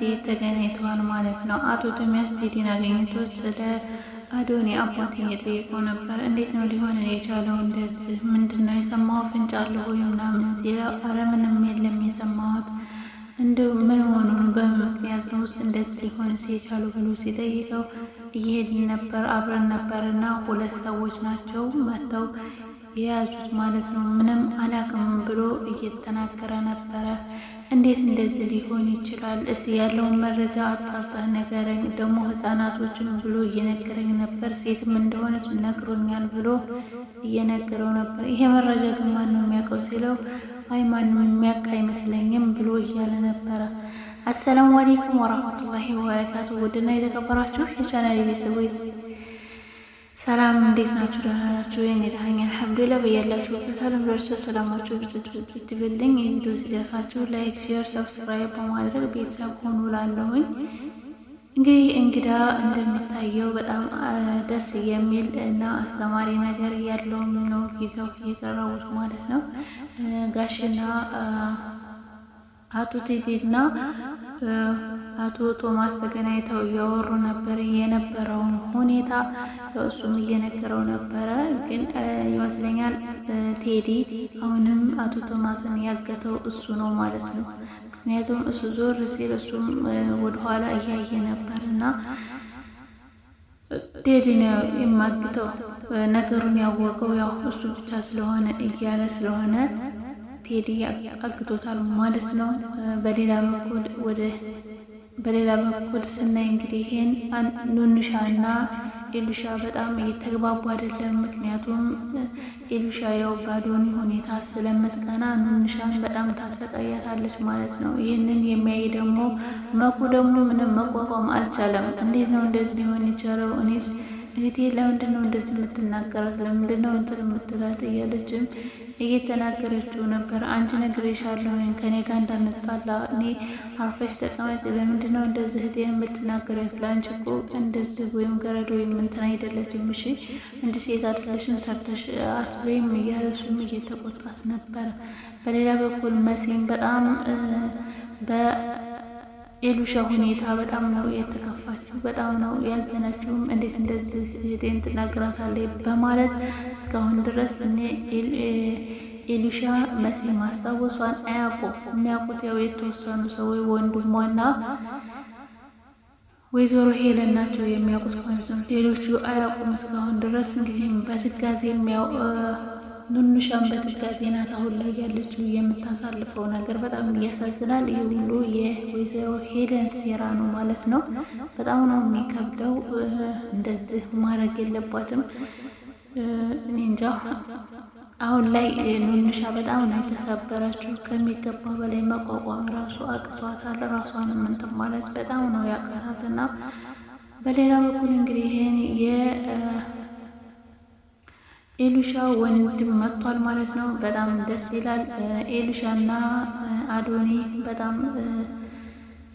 ቴዲ ተገናኝተዋል ማለት ነው። አቶ ቶሚያስ ቴዲን አገኝቶት ስለ አዶኒ አባት እየጠየቀው ነበር። እንዴት ነው ሊሆን የቻለው? እንደዚህ ምንድን ነው የሰማው? ፍንጭ አለ ወይ ምናምን ሲለው፣ ምንም የለም የሰማሁት እንደው ምን ሆኑ በምን ነው ውስጥ እንደዚህ ሊሆን የቻሉ ብሎ ሲጠይቀው፣ እየሄድን ነበር አብረን ነበር እና ሁለት ሰዎች ናቸው መጥተው የያዙት ማለት ነው። ምንም አላቅምም ብሎ እየተናገረ ነበረ። እንዴት እንደዚህ ሊሆን ይችላል? እስ ያለውን መረጃ አጣርተህ ነገረኝ። ደግሞ ህፃናቶችን ብሎ እየነገረኝ ነበር። ሴትም እንደሆነች ነግሮኛል ብሎ እየነገረው ነበር። ይሄ መረጃ ግን ማን ነው የሚያውቀው ሲለው፣ አይ ማንም የሚያውቅ አይመስለኝም ብሎ እያለ ነበረ። አሰላሙ አሌይኩም ወራህመቱላሂ ወበረካቱ። ውድና የተከበራችሁ የቻናል ቤተሰቦች ሰላም እንዴት ናችሁ? ደህና ናችሁ ወይ? እኔ ደህና ነኝ አልሐምዱሊላህ። በያላችሁበት ዓለም ድረስ ሰላማችሁ ብዝት ብዝት ይበልኝ። ይህን ቪዲዮ ሲደርሳችሁ ላይክ፣ ሼር፣ ሰብስክራይብ በማድረግ ቤተሰብ ሆኑ ላለሁኝ። እንግዲህ እንግዳ እንደሚታየው በጣም ደስ የሚል እና አስተማሪ ነገር ያለውም ነው ይዘው የቀረቡት ማለት ነው ጋሽና አቶ ቴቴና አቶ ቶማስ ተገናኝተው እያወሩ ነበር የነበረውን ሁኔታ እሱም እየነገረው ነበረ። ግን ይመስለኛል ቴዲ አሁንም አቶ ቶማስን ያገተው እሱ ነው ማለት ነው። ምክንያቱም እሱ ዞር ሲል እሱም ወደኋላ እያየ ነበር እና ቴዲ ነው የማግተው ነገሩን ያወቀው ያው እሱ ብቻ ስለሆነ እያለ ስለሆነ ቴዲ አግቶታል ማለት ነው። በሌላ በኩል ወደ በሌላ በኩል ስናይ እንግዲህ ይህን ኑንሻ ኢሉሻ በጣም እየተግባቡ አይደለም። ምክንያቱም ኤሉሻ ያው ባዶኒ ሁኔታ ስለምትቀና ኑንሻን በጣም ታሰቃያታለች ማለት ነው። ይህንን የሚያይ ደግሞ መኩ ደግሞ ምንም መቋቋም አልቻለም። እንዴት ነው እንደዚህ ሊሆን የቻለው? እኔስ እህቴ ለምንድን ነው እንደዚህ የምትናገራት? ለምንድን ነው እንትን የምትላት? እያለችም እየተናገረችው ነበር። አንድ ወይም ከኔ ጋር እንዳንጣላ እኔ አርፈሽ ተቀመጭ። ለምንድን ነው እንደዚህ እህቴን የምትናገሪያት? ለአንቺ እኮ እንደዚህ ወይም ገረድ ወይም እንትን አይደለችም። እሺ እንዲህ ሴት አይደለሽም፣ ሰርተሽ አትበይም እያለ እሱም እየተቆጣት ነበር። በሌላ በኩል መሲም በጣም በ የሉሻ ሁኔታ በጣም ነው የተከፋችው፣ በጣም ነው ያዘነችውም። እንዴት እንደዚህ እህቴን ትናገራታለች በማለት እስካሁን ድረስ እኔ የሉሻ መሲ ማስታወሷን አያውቁም። የሚያውቁት ያው የተወሰኑ ሰዎች ወንድሟና ወይዘሮ ሄለን ናቸው የሚያውቁት ማለት ነው። ሌሎቹ አያውቁም እስካሁን ድረስ እንግዲህ በስጋዜ ኑኑሻን በድጋጤ ናት አሁን ላይ ያለችው። የምታሳልፈው ነገር በጣም ያሳዝናል። ይህ ሁሉ የወይዘሮ ሄደን ሴራ ነው ማለት ነው። በጣም ነው የሚከብደው። እንደዚህ ማድረግ የለባትም። እኔ እንጃ። አሁን ላይ ኑኑሻ በጣም ነው የተሰበረችው። ከሚገባ በላይ መቋቋም ራሱ አቅቷታል። ራሷን እንትን ማለት በጣም ነው ያቃታትና በሌላ በኩል እንግዲህ ይህን ኤሉሻ ወንድም መጥቷል ማለት ነው። በጣም ደስ ይላል። ኤሉሻና አዶኒ በጣም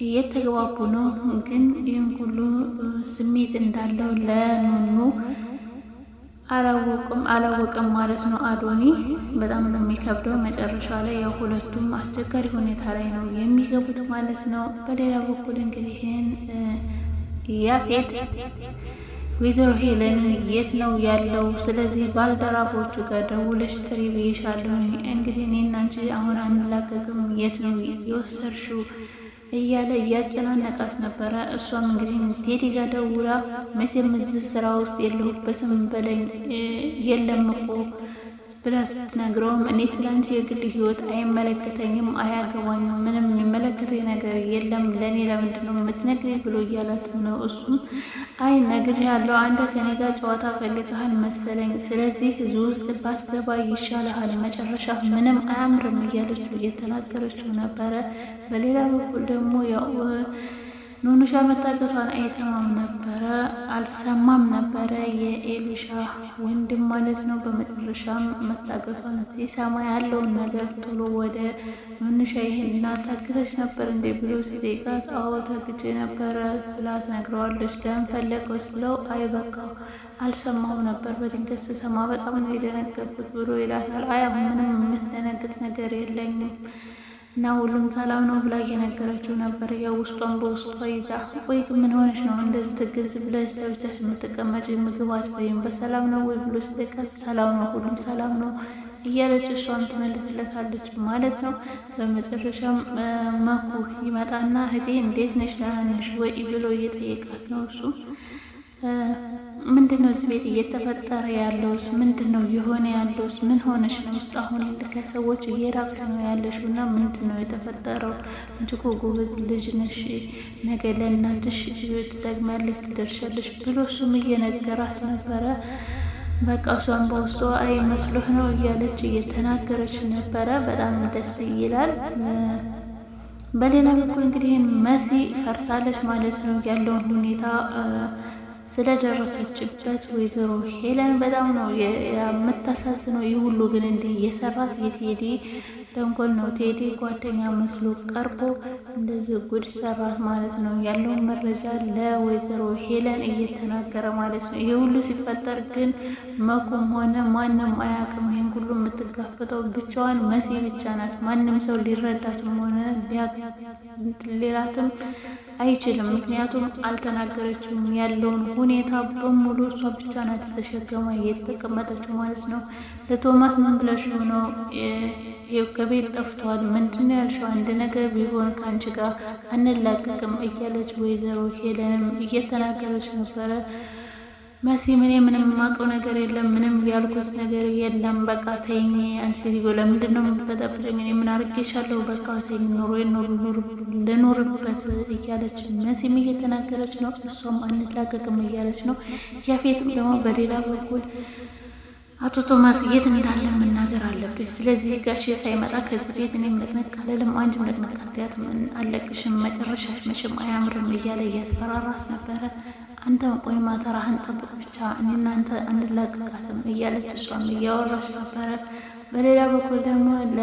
እየተግባቡ ነው። ግን ይህን ሁሉ ስሜት እንዳለው ለኑኑ አላወቅም አላወቅም ማለት ነው። አዶኒ በጣም ነው የሚከብደው። መጨረሻ ላይ ያው ሁለቱም አስቸጋሪ ሁኔታ ላይ ነው የሚገቡት ማለት ነው። በሌላ በኩል እንግዲህ ይህን ያፌት ወይዘሮ ሄለን የት ነው ያለው? ስለዚህ ባልደራቦቹ ጋር ደውለሽ ጥሪ ብዬሻለሁ። እንግዲህ እኔ እና አንቺ አሁን አንላቀቅም፣ የት ነው የወሰድሽው? እያለ እያጨናነቃት ነበረ። እሷም እንግዲህ ቴዲ ጋር ደውላ መቼም እዚህ ስራ ውስጥ የለሁበትም በለኝ የለም እኮ ብላ ስትነግረውም እኔ ስለአንቺ የግል ህይወት አይመለከተኝም፣ አያገባኝም፣ ምንም የሚመለከተኝ ነገር የለም ለእኔ ለምንድን ነው የምትነግሪ ብሎ እያላትም ነው። እሱም አይ ነግሬሃለሁ፣ አንተ ከኔ ጋር ጨዋታ ፈልገሃል መሰለኝ፣ ስለዚህ እዚህ ውስጥ ባስገባ ይሻልሃል፣ መጨረሻ ምንም አያምርም እያለችው እየተናገረችው ነበረ። በሌላ በኩል ደግሞ ያው ኑኑሻ መታገቷን አይሰማም ነበረ አልሰማም ነበረ የኤሊሻ ወንድም ማለት ነው። በመጨረሻም መታገቷን ሲሰማ ያለውን ነገር ቶሎ ወደ ኑኑሻ ይህንና ታግተች ነበር እንዴ ብሎ ሲጠይቃት አዎ ታግቼ ነበረ ብላ ትነግረዋለች። ደም ፈለገው ስለው አይ በቃ አልሰማሁም ነበር በድንገት ስሰማ በጣም ነው የደነገጥኩት ብሎ ይላታል። አይ ምንም የሚያስደነግጥ ነገር የለኝም እና ሁሉም ሰላም ነው ብላ እየነገረችው ነበር። ያው ውስጧን በውስጧ ይዛ ወይ ምን ሆነች ነው እንደዚህ ትግዝ ብለሽ ለብቻሽ የምትቀመጭ ምግብ አትበይም? በሰላም ነው ወይ ብሎ ስጠይቃት ሰላም ነው ሁሉም ሰላም ነው እያለች እሷን ትመልስለታለች ማለት ነው። በመጨረሻም መኩ ይመጣና እህቴ እንዴት ነች ደህና ነሽ ወይ ብሎ እየጠየቃት ነው እሱ ምንድን ነው እዚህ ቤት እየተፈጠረ ያለውስ? ምንድን ነው የሆነ ያለውስ? ምን ሆነሽ ነው ውስጥ አሁን ከሰዎች እየራቅሽ ነው ያለሽ? እና ምንድን ነው የተፈጠረው? አንቺ እኮ ጎበዝ ልጅ ነሽ፣ ነገ ለእናትሽ ትጠቅሚያለሽ፣ ትደርሻለሽ ብሎ እሱም እየነገራት ነበረ። በቃ እሷን በውስጡ አይ መስሎህ ነው እያለች እየተናገረች ነበረ። በጣም ደስ ይላል። በሌላ በኩል እንግዲህ መሲ ፈርታለች ማለት ነው ያለውን ሁኔታ ስለደረሰችበት ወይዘሮ ሄለን በጣም ነው የምታሳዝነው። ይህ ሁሉ ግን እንዲህ የሰራት የቴዲ ተንኮል ነው። ቴዲ ጓደኛ መስሎ ቀርቦ እንደዚህ ጉድ ሰራት ማለት ነው። ያለውን መረጃ ለወይዘሮ ሄለን እየተናገረ ማለት ነው። ይህ ሁሉ ሲፈጠር ግን መኩም ሆነ ማንም አያውቅም። ይህን ሁሉ የምትጋፈጠው ብቻዋን መሲ ብቻ ናት። ማንም ሰው ሊረዳትም ሆነ ሌላትም አይችልም። ምክንያቱም አልተናገረችም። ያለውን ሁኔታ በሙሉ እሷ ብቻ ናት የተሸከመ የተቀመጠችው ማለት ነው። ለቶማስ ምን ብለሽው ነው ከቤት ጠፍቷል? ምንድነው ነው ያልሽው? አንድ ነገር ቢሆን ከአንቺ ጋር አንላቀቅም እያለች ወይዘሮ ሄለንም እየተናገረች ነበረ። መሲ ምን ምንም የማውቀው ነገር የለም፣ ምንም ያልኩት ነገር የለም። በቃ ተይኝ አንቺ ልጆ፣ ለምንድን ነው የምትበጠብጠኝ? እኔ ምን አድርጌሻለሁ? በቃ ተይኝ፣ ኑሮ ልኑርበት እያለች መሲም እየተናገረች ነው። እሷም አንላቀቅም እያለች ነው። ያፌትም ደግሞ በሌላ በኩል አቶ ቶማስ የት እንዳለ መናገር አለብሽ። ስለዚህ ጋሽ ሳይመጣ ከዚህ ቤት እኔም ነቅነቅ አልልም፣ አንቺም ነቅነቅ አትያትም፣ አለቅሽም፣ መጨረሻሽ መቼም አያምርም እያለ እያስፈራራት ነበረ። አንተም ቆይ ማተራህን ጠብቅ ብቻ እናንተ አንላቅቃትም እያለች እሷም እያወራች ነበረ። በሌላ በኩል ደግሞ ለ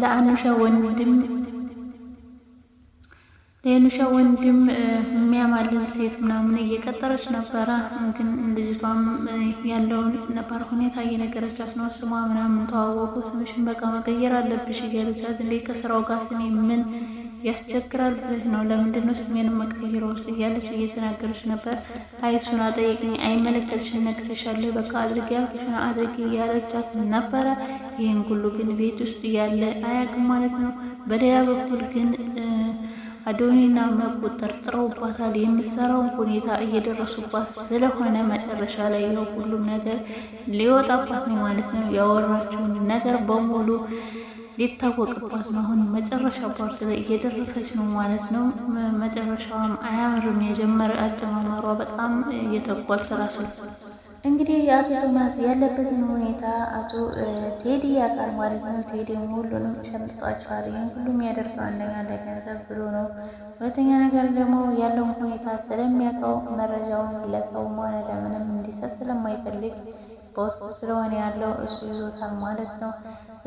ለአኑሻ ወንድም ለኑሻ ወንድም የሚያማልል ሴት ምናምን እየቀጠረች ነበረ። ግን ልጅቷም ያለውን ነባር ሁኔታ እየነገረቻት ነው። ስሟ ምናምን ተዋወቁ፣ ስምሽን በቃ መቀየር አለብሽ እያለቻት፣ እንዴ ከስራው ጋር ስሜ ምን ያስቸግራል ብለሽ ነው? ለምንድን ነው ስሜን መቀየር ውስጥ እያለች እየተናገረች ነበር። አይ እሱን አጠይቅኝ፣ አይመለከትሽን፣ ነግሬሻለሁ፣ በቃ አድርግ ያልኩሽን አድርግ እያለቻት ነበረ። ይህን ሁሉ ግን ቤት ውስጥ እያለ አያውቅም ማለት ነው። በሌላ በኩል ግን አዶኒና መቁጠር ጥረውባታል። የሚሰራውን ሁኔታ እየደረሱባት ስለሆነ መጨረሻ ላይ ያው ሁሉም ነገር ሊወጣባት ነው ማለት ነው። ያወራችውን ነገር በሙሉ ሊታወቅባት ነው። አሁን መጨረሻ ፓርት ላይ እየደረሰች ነው ማለት ነው። መጨረሻዋም አያምርም። የጀመረ አጀማመሯ በጣም እየተጓል ስራ እንግዲህ የአቶ ቶማስ ያለበትን ሁኔታ አቶ ቴዲ ያውቃል ማለት ነው። ቴዲ ሁሉንም ሸምጧቸዋል። ይህን ሁሉም ያደርገው አንደኛ ለገንዘብ ብሎ ነው። ሁለተኛ ነገር ደግሞ ያለውን ሁኔታ ስለሚያውቀው መረጃውን ለሰውም ሆነ ለምንም እንዲሰጥ ስለማይፈልግ በውስጥ ስለሆነ ያለው እሱ ይዞታል ማለት ነው።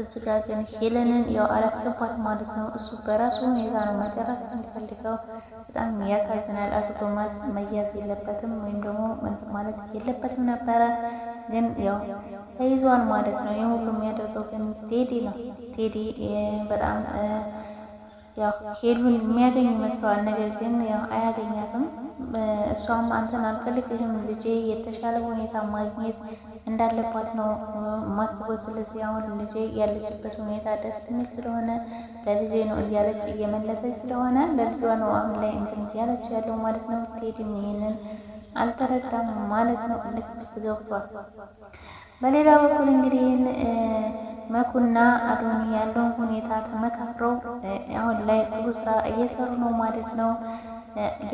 እዚህ ጋር ግን ሄለንን ያው አላስገባት ማለት ነው። እሱ በራሱ ሁኔታ ነው መጨረስ የሚፈልገው። በጣም ያሳዝናል። አቶ ቶማስ መያዝ የለበትም ወይም ደግሞ ማለት የለበትም ነበረ፣ ግን ያው ተይዟል ማለት ነው። ይህ ሁሉ የሚያደርገው ግን ቴዲ ነው። ቴዲ በጣም ያው ሄሉን የሚያገኝ ይመስለዋል። ነገር ግን ያው አያገኛትም። እሷም አንተን አልፈልግህም ልጄ የተሻለ ሁኔታ ማግኘት እንዳለባት ነው ማስበው። ስለዚህ አሁን ልጄ ያለችበት ሁኔታ ደስ የሚል ስለሆነ ለልጄ ነው እያለች እየመለሰች ስለሆነ ለልጇ ነው አሁን ላይ እንትን እያለች ያለው ማለት ነው። ቴዲም ይሄንን አልተረዳም ማለት ነው። ልክ ብስ ገብቷል። በሌላ በኩል እንግዲህ መኩና አዶኒ ያለውን ሁኔታ ተመካክረው አሁን ላይ ጥሩ ስራ እየሰሩ ነው ማለት ነው።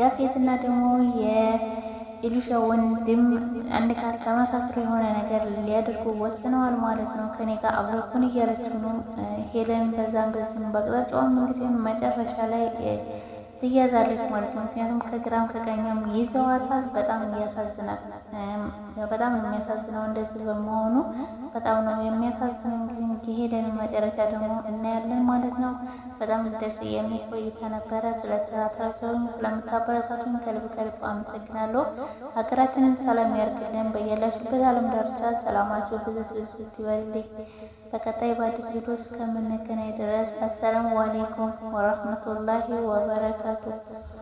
ያፌትና ደግሞ የኢሉሻ ወንድም አንድ ጋር ተመካክሮ የሆነ ነገር ሊያደርጉ ወስነዋል ማለት ነው። ከኔ ጋር አብረኩን እያለችው ነው ሄለን። በዛም በዚህም በቅጣጫውም እንግዲህ መጨረሻ ላይ ትያዛለች ማለት ነው። ምክንያቱም ከግራም ከቀኛም ይዘዋታል። በጣም እያሳዝናል። በጣም ነው የሚያሳዝነው እንደዚህ በመሆኑ በጣም ነው የሚያሳዝነው። እንግዲህ ሄደን መጨረሻ ደግሞ እናያለን ማለት ነው። በጣም ደስ የሚል ቆይታ ነበረ። ስለተከታተላችሁኝ፣ ስለምታበረታቱኝ ከልብ ከልብ አመሰግናለሁ። ሀገራችንን ሰላም ያርግልን። በያላችሁበት ዓለም ዳርቻ ሰላማችሁ ብዝት ብዝት ይበልልኝ። በቀጣይ በአዲስ ቪዲዮ እስከምንገናኝ ድረስ አሰላሙ አሌይኩም ወረህመቱላሂ ወበረካቱ Gracias.